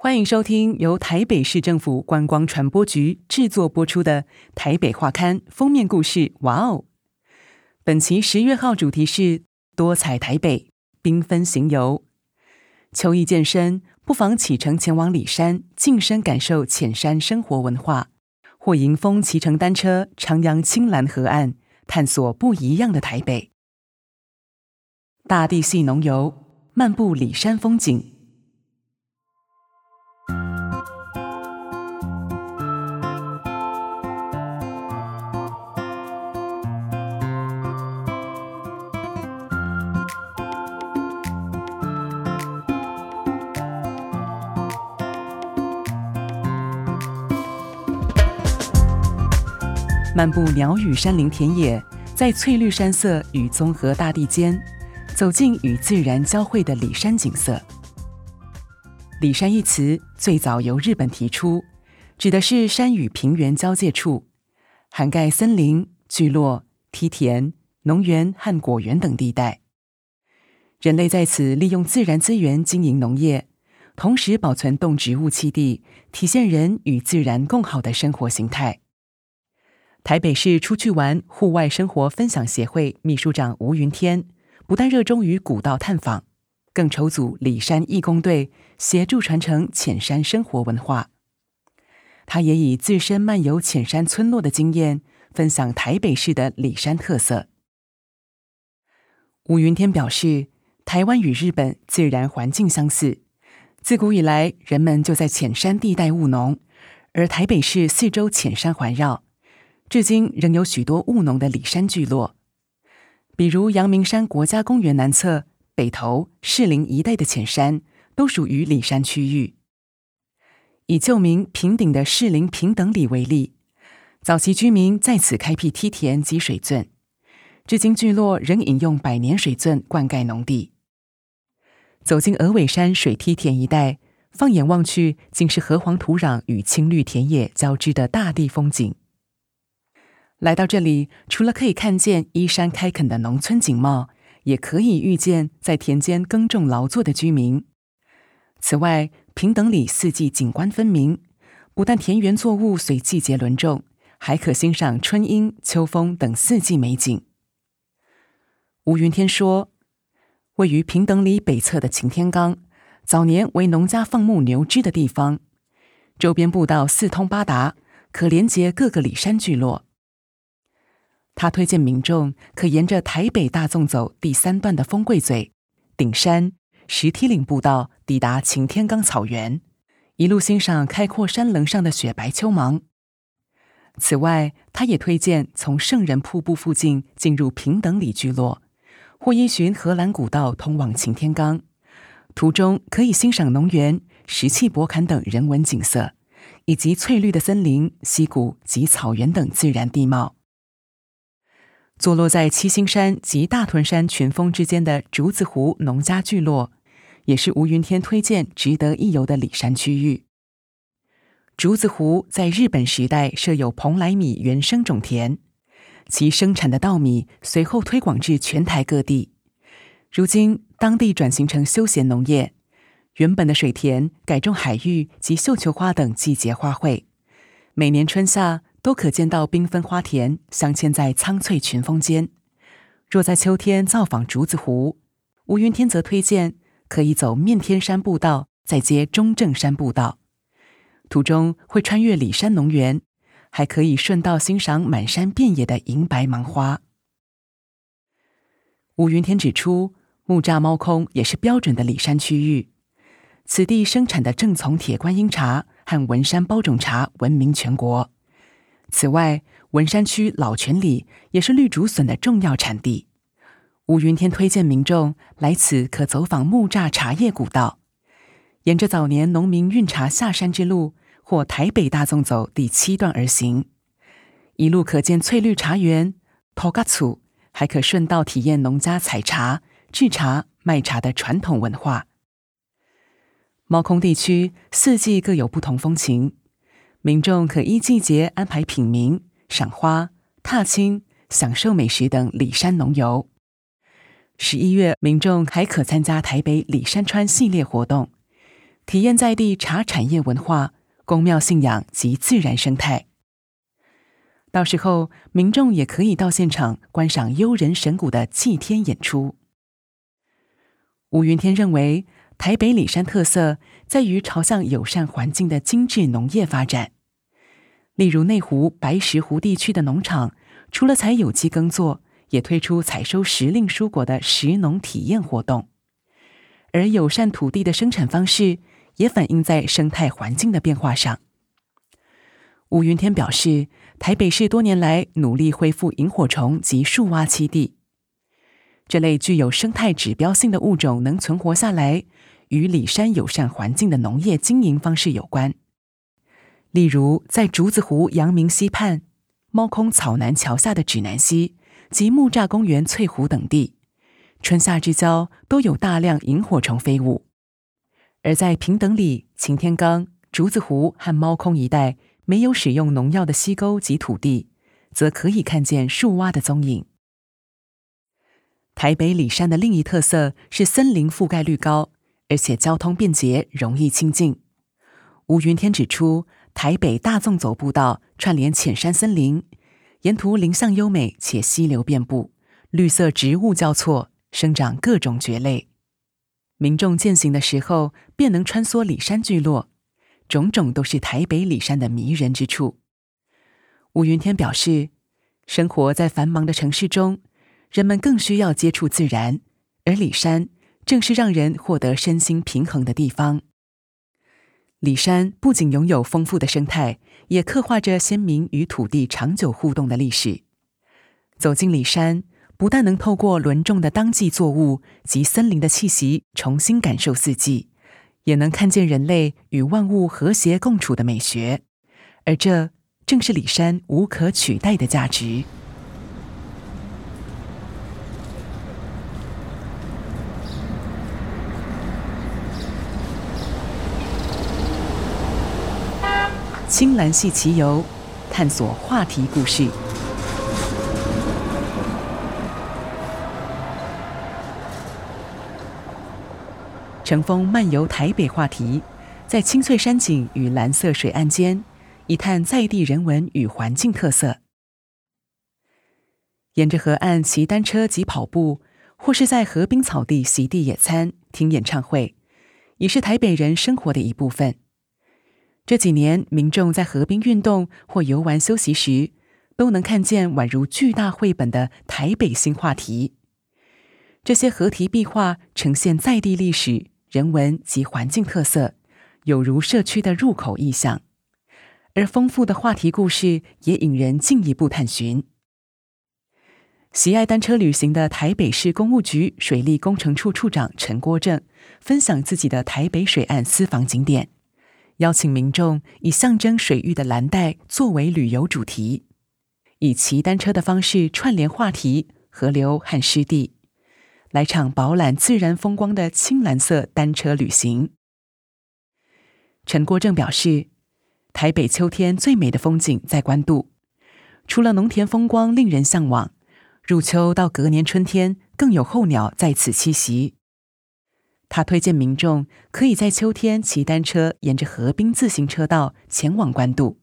歡迎收聽由台北市政府觀光傳播局制作播出的《台北畫刊》封面故事。哇哦！本期十月號主題是多彩台北，繽紛行遊。秋意漸深，不妨啟程前往里山，近身感受淺山生活文化；或迎風騎乘單車，徜徉青藍河岸，探索不一樣的台北。大地系農遊，漫步里山風景。漫步鳥語山林田野，在翠綠山色與綜合大地間，走進與自然交匯的里山景色。里山一詞最早由日本提出，指的是山與平原交界處，涵蓋森林、聚落、梯田、農園和果園等地帶。人類在此利用自然資源經營農業，同時保存動植物棲地，體現人與自然共好的生活形態。台北市出去玩戶外生活分享協會秘書長吳雲天，不但熱衷於古道探訪，更籌組里山義工隊，協助傳承淺山生活文化。他也以自身漫遊淺山村落的經驗，分享台北市的里山特色。吳雲天表示，台灣與日本自然環境相似，自古以來人們就在淺山地帶務農，而台北市四周淺山環繞。至今仍有許多務農的里山聚落，比如陽明山國家公園南側北投士林一帶的淺山，都屬於里山區域。以舊名平頂的士林平等里為例，早期居民在此開闢梯田及水圳，至今聚落仍飲用百年水圳灌溉農地。走進鵝尾山水梯田一帶，放眼望去，竟是褐黃土壤與青綠田野交織的大地風景。來到這裡，除了可以看見依山開墾的農村景貌，也可以遇見在田間耕種勞作的居民。此外，平等里四季景觀分明，不但田園作物隨季節輪種，還可欣賞春櫻、秋楓等四季美景。吳雲天說：“位於平等里北側的擎天崗，早年為農家放牧牛隻的地方，周邊步道四通八達，可連接各個里山聚落。”他推薦民眾可沿着台北大縱走第三段的風櫃嘴頂山石梯嶺步道抵達擎天崗草原，一路欣賞開闊山稜上的雪白秋芒。此外，他也推薦從聖人瀑布附近進入平等里聚落，或依循荷蘭古道通往擎天崗，途中可以欣賞農園、石砌駁坎等人文景色，以及翠綠的森林、溪谷及草原等自然地貌。坐落在七星山及大屯山群峰之間的竹子湖農家聚落，也是吳雲天推薦值得一遊的里山區域。竹子湖在日本時代設有蓬萊米原生種田，其生產的稻米隨後推廣至全台各地。如今當地轉型成休閒農業，原本的水田改種海芋及繡球花等季節花卉，每年春夏，都可見到繽紛花田鑲嵌在蒼翠群峰間。若在秋天造訪竹子湖，吳雲天則推薦可以走面天山步道，再接中正山步道，途中會穿越里山農園，還可以順道欣賞滿山遍野的銀白芒花。吳雲天指出，木柵貓空也是標準的里山區域，此地生產的正欉鐵觀音茶和文山包種茶聞名全國。此外，文山區老泉里也是綠竹筍的重要產地。吳雲天推薦民眾來此可走訪木柵茶葉古道，沿着早年農民運茶下山之路，或台北大縱走第七段而行，一路可見翠綠茶園、土角厝，還可順道體驗農家採茶、製茶、賣茶的傳統文化。貓空地區四季各有不同風情。民眾可依季節安排品茗、賞花、踏青、享受美食等裡山農遊。十一月，民眾還可參加台北裡山川系列活動，體驗在地茶產業文化、宮廟信仰及自然生態。到時候，民眾也可以到現場觀賞優人神鼓的祭天演出。吳雲天認為，台北裡山特色。在於朝向友善環境的精緻農業發展，例如內湖白石湖地區的農場，除了採有機耕作，也推出採收時令蔬果的食農體驗活動。而友善土地的生產方式，也反映在生態環境的變化上。吳云天表示，台北市多年來努力恢復螢火蟲及樹蛙棲地，這類具有生態指標性的物種能存活下來與里山友善環境的農業經營方式有關，例如在竹子湖、陽明溪畔、貓空草南橋下的指南溪及木柵公園翠湖等地，春夏之交都有大量螢火蟲飛舞；而在平等里、擎天崗、竹子湖和貓空一帶沒有使用農藥的溪溝及土地，則可以看見樹蛙的蹤影。台北里山的另一特色是森林覆蓋率高。而且交通便捷，容易親近。吳雲天指出，台北大縱走步道串聯淺山森林，沿途林相優美，且溪流遍佈，綠色植物交錯，生長各種蕨類。民眾健行的時候，便能穿梭里山聚落，種種都是台北里山的迷人之處。吳雲天表示，生活在繁忙的城市中，人們更需要接觸自然，而里山，正是讓人獲得身心平衡的地方。里山不僅擁有豐富的生態，也刻畫着先民與土地長久互動的歷史。走進里山，不但能透過輪種的當季作物及森林的氣息重新感受四季，也能看見人類與萬物和諧共處的美學。而這正是里山無可取代的價值。青藍系騎遊，探索畫堤故事。乘風漫遊台北畫堤，在青翠山景與藍色水岸間，一探在地人文與環境特色。沿着河岸騎單車及跑步，或是在河濱草地席地野餐、聽演唱會，已是台北人生活的一部分。這幾年，民眾在河邊運動或遊玩休息時，都能看見宛如巨大繪本的台北新話題。這些河堤壁畫呈現在地歷史、人文及環境特色，有如社區的入口意象。而豐富的話題故事也引人進一步探尋。喜愛單車旅行的台北市公務局水利工程處處長陳國正分享自己的台北水岸私房景點。邀請民眾以象徵水域的藍帶作為旅遊主題，以騎單車的方式串聯話題、河流和濕地，來場飽覽自然風光的青藍色單車旅行。陳國正表示，台北秋天最美的風景在關渡，除了農田風光令人向往，入秋到隔年春天更有候鳥在此棲息。他推薦民眾可以在秋天騎單車沿着河濱自行車道前往關渡，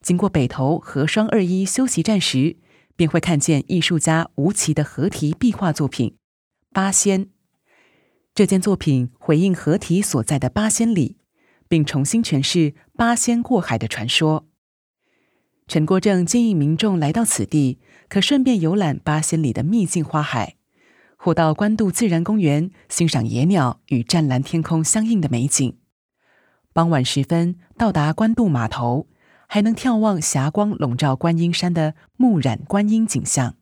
經過北投河雙二一休息站時，便會看見藝術家吳奇的河堤壁畫作品《八仙》。這件作品回應河堤所在的八仙里，並重新詮釋八仙過海的傳說。陳國正建議民眾來到此地，可順便遊覽八仙里的秘境花海。或到關渡自然公園欣賞野鳥與湛藍天空相映的美景。傍晚時分到達關渡碼頭，還能眺望霞光籠罩觀音山的暮染觀音景象。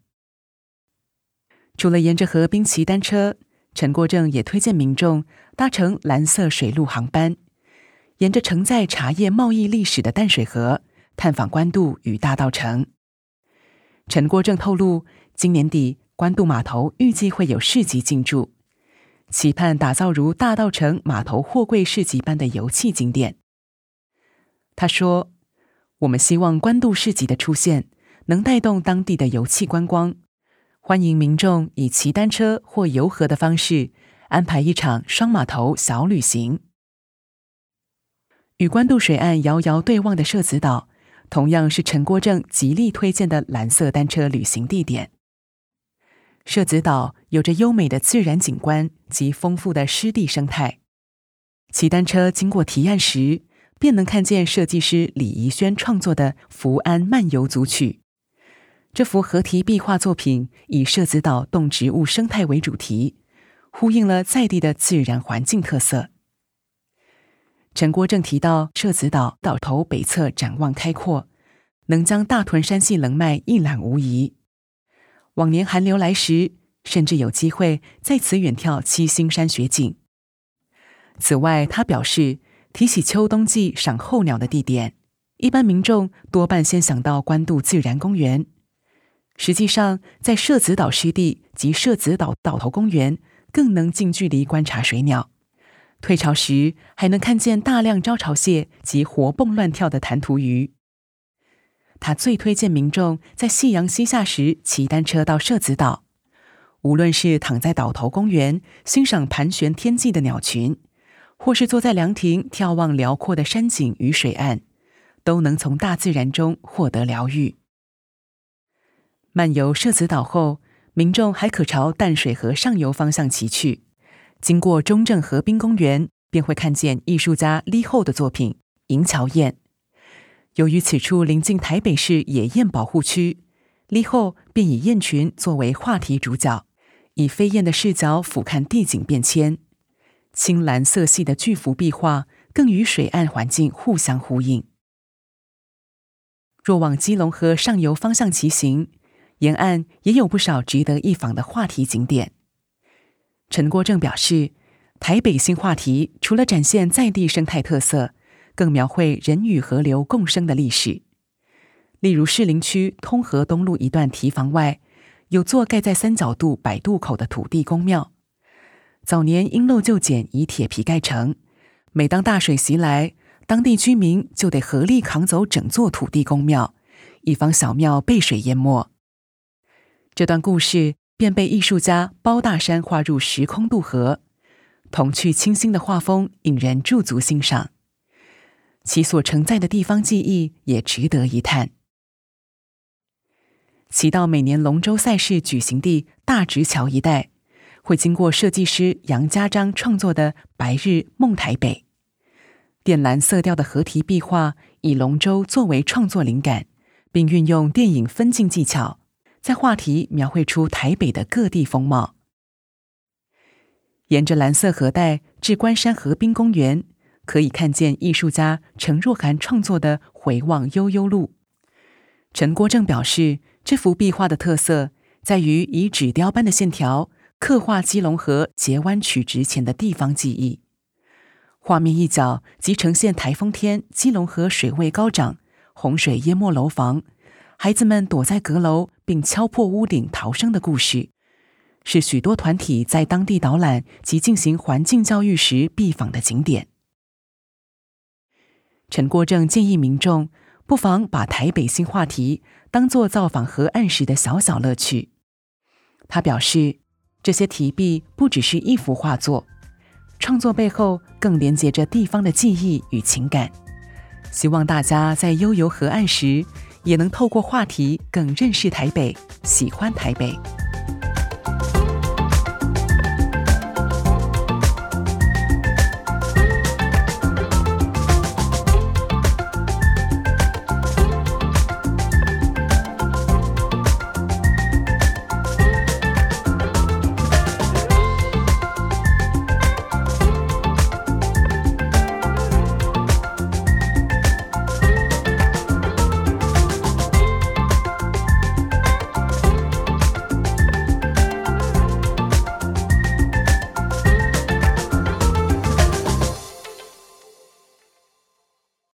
除了沿着河濱騎單車，陳國正也推薦民眾搭乘藍色水路航班，沿着承載茶葉貿易歷史的淡水河探訪關渡與大稻埕。陳國正透露，今年底，關渡碼頭預計會有市集進駐，期盼打造如大稻埕碼頭貨櫃市集般的遊憩景點。他說：“我們希望關渡市集的出現能帶動當地的遊憩觀光，歡迎民眾以騎單車或遊河的方式安排一場雙碼頭小旅行。”與關渡水岸遙遙對望的社子島，同樣是陳國正極力推薦的藍色單車旅行地點。社子島有着優美的自然景觀及豐富的濕地生態。騎單車經過堤岸時，便能看見設計師李怡軒創作的《福安漫遊組曲》。這幅合體壁畫作品以社子島動植物生態為主題，呼應了在地的自然環境特色。陳國正提到，社子島島頭北側展望開闊，能將大屯山系稜脈一覽無遺。往年寒流來時，甚至有機會在此遠眺七星山雪景。此外，他表示，提起秋冬季賞候鳥的地點，一般民眾多半先想到關渡自然公園。實際上，在社子島溼地及社子島島頭公園，更能近距離觀察水鳥。退潮時，還能看見大量招潮蟹及活蹦亂跳的彈塗魚。他最推薦民眾在夕陽西下時騎單車到社子島，無論是躺在島頭公園欣賞盤旋天際的鳥群，或是坐在涼亭眺，眺望遼闊的山景與水岸，都能從大自然中獲得療癒。漫遊社子島後，民眾還可朝淡水河上游方向騎去，經過中正河濱公園，便會看見藝術家李厚的作品《銀橋雁》。由於此處臨近台北市野雁保護區，立後便以雁群作為畫題主角，以飛燕的視角俯瞰地景變遷。青藍色系的巨幅壁畫更與水岸環境互相呼應。若往基隆河上游方向騎行，沿岸也有不少值得一訪的畫堤景點。陳國正表示，台北新畫堤除了展現在地生態特色。更描繪人與河流共生的歷史，例如士林區通河東路一段堤防外，有座蓋在三角渡擺渡口的土地公廟，早年因陋就簡以鐵皮蓋成，每當大水襲來，當地居民就得合力扛走整座土地公廟，以防小廟被水淹沒。這段故事便被藝術家包大山畫入《時空渡河》，童趣清新的畫風引人駐足欣賞。其所承載的地方記憶也值得一探。騎到每年龍舟賽事舉行地大直橋一帶，會經過設計師楊家章創作的《白日夢台北》。靛藍色調的河堤壁畫，以龍舟作為創作靈感，並運用電影分鏡技巧，在畫堤描繪出台北的各地風貌。沿着藍色河帶至關山河濱公園。可以看見藝術家陳若涵創作的《回望悠悠路》。陳國正表示，這幅壁畫的特色在於以紙雕般的線條刻畫基隆河截彎取直前的地方記憶。畫面一角即呈現颱風天基隆河水位高漲、洪水淹沒樓房、孩子們躲在閣樓並敲破屋頂逃生的故事，是許多團體在當地導覽及進行環境教育時必訪的景點。陳國正建議民眾不妨把台北新畫堤當作造訪河岸時的小小樂趣。他表示，這些堤壁不只是一幅畫作，創作背後更連接着地方的記憶與情感。希望大家在悠游河岸時，也能透過畫堤更認識台北，喜歡台北。